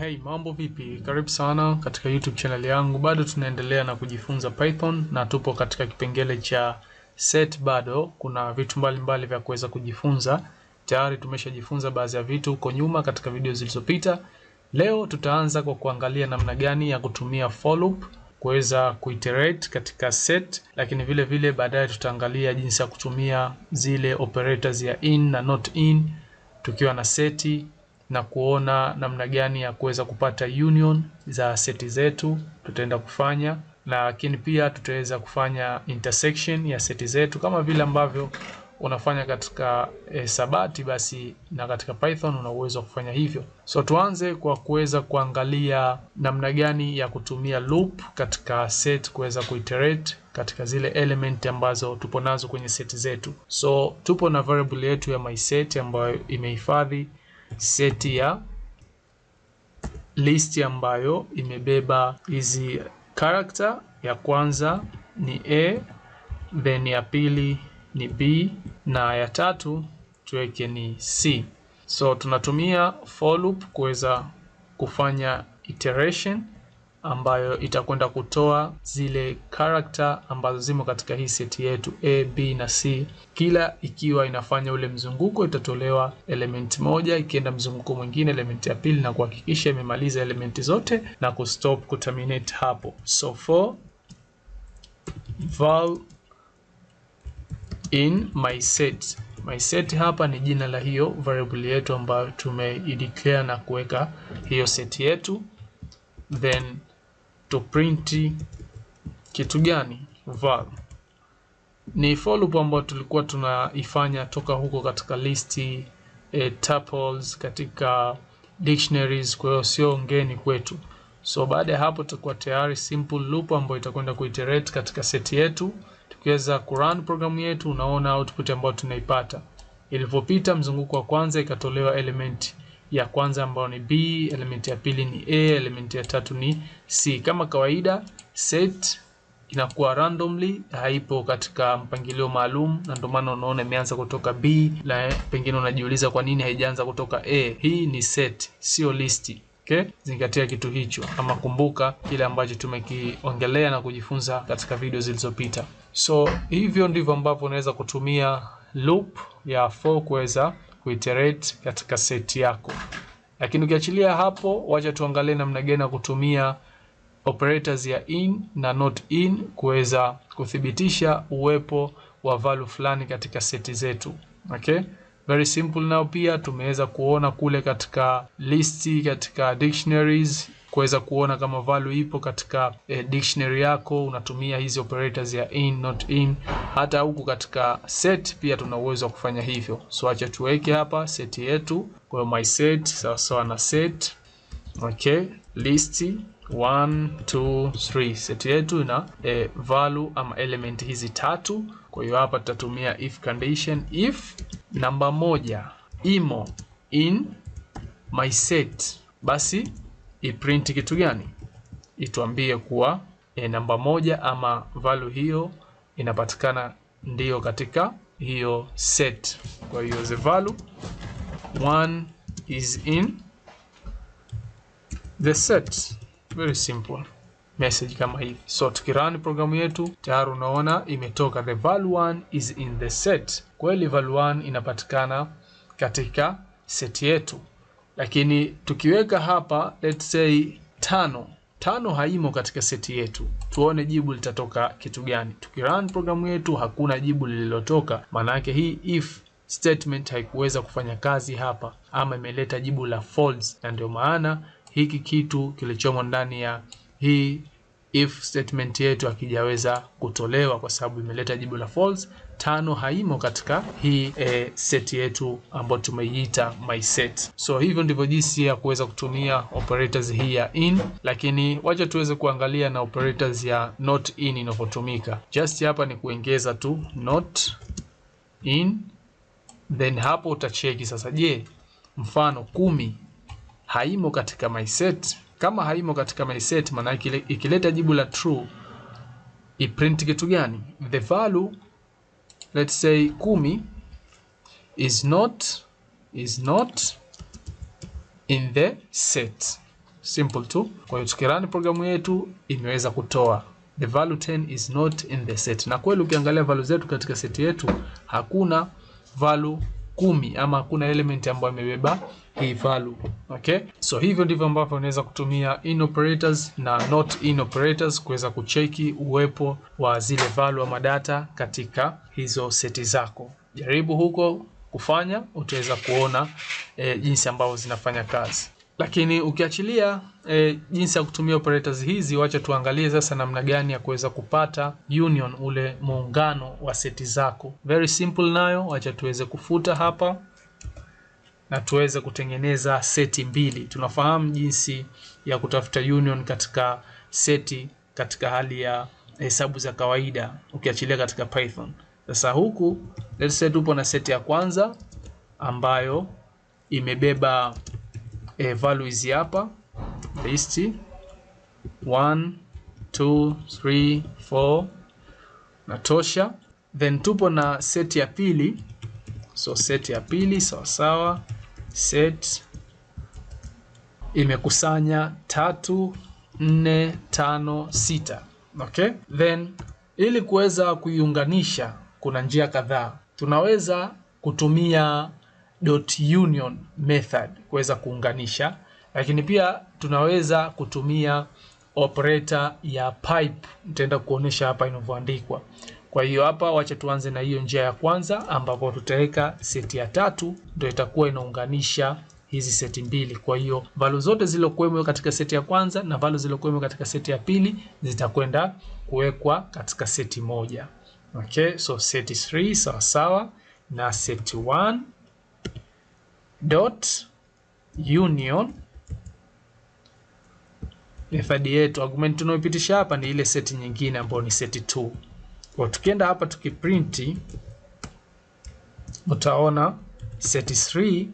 Hey, mambo vipi? Karibu sana katika YouTube channel yangu. Bado tunaendelea na kujifunza Python na tupo katika kipengele cha set. Bado kuna vitu mbalimbali mbali vya kuweza kujifunza. Tayari tumeshajifunza baadhi ya vitu huko nyuma katika video zilizopita. Leo tutaanza kwa kuangalia namna gani ya kutumia for loop kuweza kuiterate katika set, lakini vile vile baadaye tutaangalia jinsi ya kutumia zile operators ya in na not in tukiwa na seti na kuona namna gani ya kuweza kupata union za seti zetu tutaenda kufanya, lakini pia tutaweza kufanya intersection ya seti zetu kama vile ambavyo unafanya katika hisabati eh, e, basi na katika Python una uwezo wa kufanya hivyo. So tuanze kwa kuweza kuangalia namna gani ya kutumia loop katika set kuweza kuiterate katika zile element ambazo tupo nazo kwenye seti zetu. So tupo na variable yetu ya mySet ambayo imehifadhi seti ya listi ambayo imebeba hizi character. Ya kwanza ni A, then ya pili ni B na ya tatu tuweke ni C. So tunatumia for loop kuweza kufanya iteration ambayo itakwenda kutoa zile character ambazo zimo katika hii seti yetu A, B na C, kila ikiwa inafanya ule mzunguko, itatolewa element moja ikienda mzunguko mwingine, element ya pili, na kuhakikisha imemaliza elementi zote na kustop kuterminate hapo. So for val in my set my set hapa ni jina la hiyo variable yetu ambayo tumeideclare na kuweka hiyo set yetu then print kitu gani var ni for loop ambayo tulikuwa tunaifanya toka huko katika listi e, tuples katika dictionaries kwa hiyo sio ngeni kwetu so baada ya hapo tutakuwa tayari simple loop ambayo itakwenda kuiterate katika seti yetu tukiweza kurun programu yetu unaona output ambayo tunaipata ilipopita mzunguko wa kwanza ikatolewa element ya kwanza ambayo ni B, elementi ya pili ni A, elementi ya tatu ni C. Kama kawaida set inakuwa randomly, haipo katika mpangilio maalum, na ndio maana unaona imeanza kutoka B na pengine unajiuliza kwa nini haijaanza kutoka A. Hii ni set, sio list. Okay? Zingatia kitu hicho ama kumbuka kile ambacho tumekiongelea na kujifunza katika video zilizopita. So hivyo ndivyo ambavyo unaweza kutumia loop ya for kuweza kuiterate katika seti yako. Lakini ukiachilia hapo, wacha tuangalie namna gani ya kutumia operators ya in na not in kuweza kuthibitisha uwepo wa value fulani katika seti zetu. Okay? Very simple. Nao pia tumeweza kuona kule katika listi, katika dictionaries kuweza kuona kama value ipo katika e, dictionary yako, unatumia hizi operators ya in, not in. Hata huku katika set pia tuna uwezo wa kufanya hivyo, so acha tuweke hapa set yetu, kwa hiyo my set sawa sawa na set okay, list 1 2 3. Set yetu ina e, value ama element hizi tatu, kwa hiyo hapa tutatumia if condition. If namba moja imo in my set, basi iprint kitu gani? Ituambie kuwa e, namba moja ama value hiyo inapatikana ndiyo katika hiyo set. Kwa hiyo the value one is in the set. Very simple message kama hivi. So tukirun programu yetu tayari unaona imetoka the value one is in the set. Kweli value one inapatikana katika set yetu. Lakini tukiweka hapa let's say tano, tano haimo katika seti yetu. Tuone jibu litatoka kitu gani. Tukirun programu yetu hakuna jibu lililotoka, maana yake hii if statement haikuweza kufanya kazi hapa, ama imeleta jibu la false, na ndio maana hiki kitu kilichomo ndani ya hii if statement yetu hakijaweza kutolewa kwa sababu imeleta jibu la false. Tano haimo katika hii e, set yetu ambayo tumeiita my set. So hivyo ndivyo jinsi ya kuweza kutumia operators hii ya in, lakini wacha tuweze kuangalia na operators ya not in inavyotumika. Just hapa ni kuongeza tu not in, then hapo utacheki sasa, je, mfano kumi haimo katika my set kama haimo katika my set, maana ikileta jibu la true iprint kitu gani? The value let's say kumi is not is not in the set. Simple tu. Kwa hiyo tukirani programu yetu imeweza kutoa the value 10 is not in the set, na kweli ukiangalia value zetu katika seti yetu hakuna value kumi ama hakuna element ambayo imebeba hii value. Okay, so hivyo ndivyo ambavyo unaweza kutumia in operators na not in operators kuweza kucheki uwepo wa zile value ama data katika hizo seti zako. Jaribu huko kufanya, utaweza kuona e, jinsi ambavyo zinafanya kazi. Lakini ukiachilia e, jinsi ya kutumia operators hizi, wacha tuangalie sasa namna gani ya kuweza kupata union, ule muungano wa seti zako. Very simple nayo, wacha tuweze kufuta hapa na tuweze kutengeneza seti mbili. Tunafahamu jinsi ya kutafuta union katika seti katika hali ya hesabu za kawaida ukiachilia katika Python. Sasa huku let's say tupo na seti ya kwanza ambayo imebeba e, value hizi hapa list 1 2 3 4 natosha. Then tupo na set ya pili, so set ya pili sawasawa, set imekusanya tatu nne tano sita. Okay, then ili kuweza kuiunganisha kuna njia kadhaa tunaweza kutumia union method kuweza kuunganisha, lakini pia tunaweza kutumia operator ya pipe, nitaenda kuonesha hapa inavyoandikwa. Kwa hiyo hapa wacha tuanze na hiyo njia ya kwanza ambapo tutaweka seti ya tatu ndio itakuwa inaunganisha hizi seti mbili. Kwa hiyo valu zote zilizokuwemo katika seti ya kwanza na valu zilizokuwemo katika seti ya pili zitakwenda kuwekwa katika seti moja. Okay, so seti 3 sawa sawa na seti dot union method yetu. Argument tunayopitisha hapa ni ile seti nyingine ambayo ni seti 2. Kwa tukienda hapa tukiprinti, utaona seti 3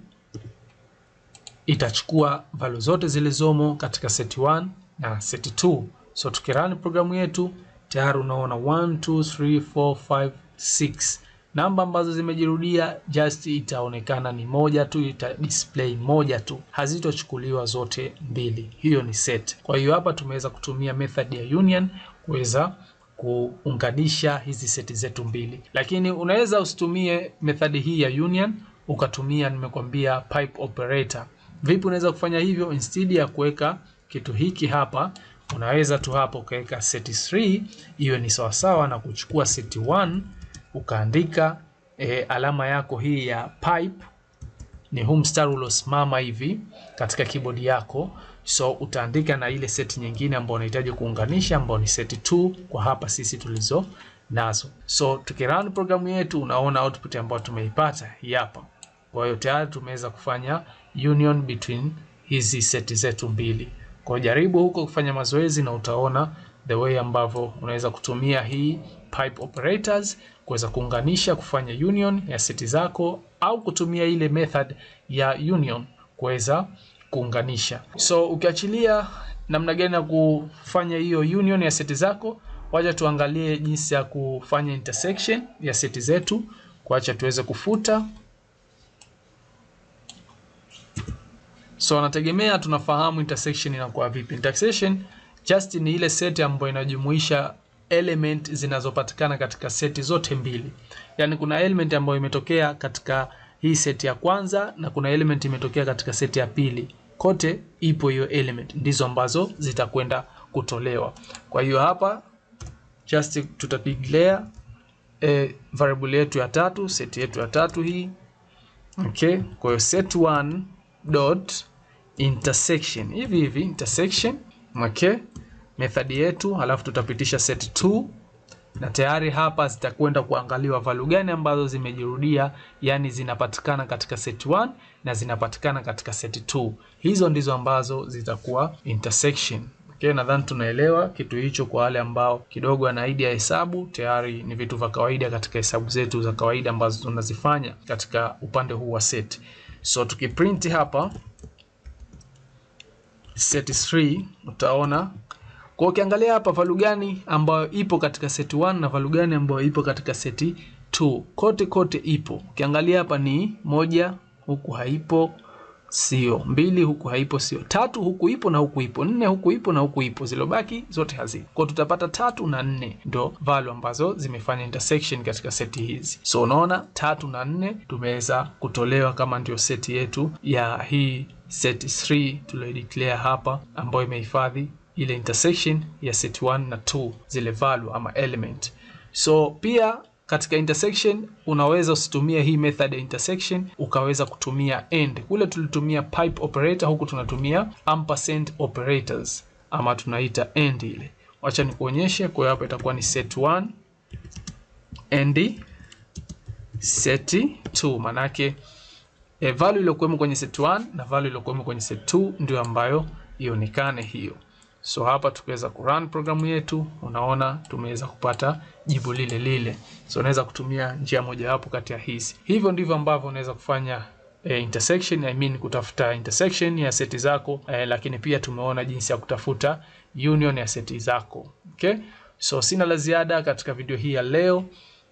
itachukua value zote zilizomo katika seti 1 na seti 2. So tukirani programu yetu tayari unaona 1 2 3 4 5 6 namba ambazo zimejirudia just itaonekana ni moja tu, ita display moja tu, hazitochukuliwa zote mbili. Hiyo ni set. Kwa hiyo hapa tumeweza kutumia method ya union kuweza kuunganisha hizi seti zetu mbili, lakini unaweza usitumie method hii ya union ukatumia, nimekwambia pipe operator. Vipi unaweza kufanya hivyo? Instead ya kuweka kitu hiki hapa, unaweza tu hapo ukaweka set 3 hiyo ni sawasawa na kuchukua set ukaandika e, alama yako hii ya pipe ni huu mstari uliosimama hivi katika kibodi yako, so utaandika na ile set nyingine ambayo unahitaji kuunganisha ambayo ni set 2 kwa hapa sisi tulizo nazo. So tukirun programu yetu, unaona output ambayo tumeipata hapa. Kwa hiyo tayari tumeweza kufanya union between hizi seti zetu mbili. Kwa jaribu huko kufanya mazoezi na utaona the way ambavyo unaweza kutumia hii pipe operators kuweza kuunganisha kufanya union ya seti zako au kutumia ile method ya union kuweza kuunganisha. So ukiachilia namna gani ya kufanya hiyo union ya seti zako, wacha tuangalie jinsi ya kufanya intersection ya seti zetu. Kuacha tuweze kufuta. So anategemea tunafahamu intersection inakuwa vipi. Intersection Just ni ile seti ambayo inajumuisha element zinazopatikana katika seti zote mbili, yaani kuna element ambayo imetokea katika hii seti ya kwanza na kuna element imetokea katika seti ya pili, kote ipo hiyo element, ndizo ambazo zitakwenda kutolewa. Kwa hiyo hapa just tutapigilea e, eh, variable yetu ya tatu, seti yetu ya tatu hii. Okay, kwa hiyo set1 dot intersection, hivi hivi intersection Okay, method yetu alafu tutapitisha set 2 na tayari hapa zitakwenda kuangaliwa value gani ambazo zimejirudia, yani zinapatikana katika set 1 na zinapatikana katika set 2. Hizo ndizo ambazo zitakuwa intersection. Okay, nadhani tunaelewa kitu hicho. Kwa wale ambao kidogo wana idea ya hesabu tayari, ni vitu vya kawaida katika hesabu zetu za kawaida ambazo tunazifanya katika upande huu wa set. So tukiprint hapa set 3 utaona kwa ukiangalia hapa value gani ambayo ipo katika set 1 na value gani ambayo ipo katika set 2. Kote kote ipo. Ukiangalia hapa ni moja, huku haipo sio. Mbili huku haipo sio. Tatu huku ipo na huku ipo. Nne huku ipo na huku ipo. Zilobaki zote hazi Kwa tutapata tatu na nne ndo value ambazo zimefanya intersection katika seti hizi. So unaona tatu na nne tumeweza kutolewa kama ndio seti yetu ya hii set 3 tulioideclare hapa ambayo imehifadhi ile intersection ya set 1 na 2 zile value ama element. So pia katika intersection unaweza usitumie hii method ya intersection, ukaweza kutumia end. Kule tulitumia pipe operator, huku tunatumia ampersand operators ama tunaita end ile. Wacha nikuonyeshe. Kwa hiyo hapa itakuwa ni set 1 AND set 2 manake e, value iliyokuwemo kwenye set 1 na value iliyokuwemo kwenye set 2 ndio ambayo ionekane hiyo. So hapa tukiweza kurun programu yetu, unaona tumeweza kupata jibu lile lile. So unaweza kutumia njia moja wapo kati ya hizi. Hivyo ndivyo ambavyo unaweza kufanya E, intersection I mean kutafuta intersection ya seti zako e, lakini pia tumeona jinsi ya kutafuta union ya seti zako. Okay? So sina la ziada katika video hii ya leo.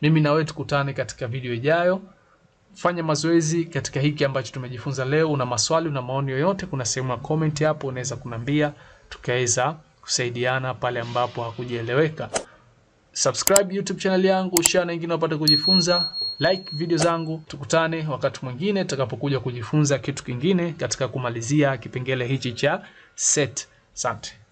Mimi na wewe tukutane katika video ijayo fanya mazoezi katika hiki ambacho tumejifunza leo. Una maswali, una maoni yoyote, kuna sehemu ya comment hapo, unaweza kunambia, tukaweza kusaidiana pale ambapo hakujaeleweka. Subscribe YouTube channel yangu, share na wengine wapate kujifunza, like video zangu. Tukutane wakati mwingine tutakapokuja kujifunza kitu kingine katika kumalizia kipengele hichi cha set. Asante.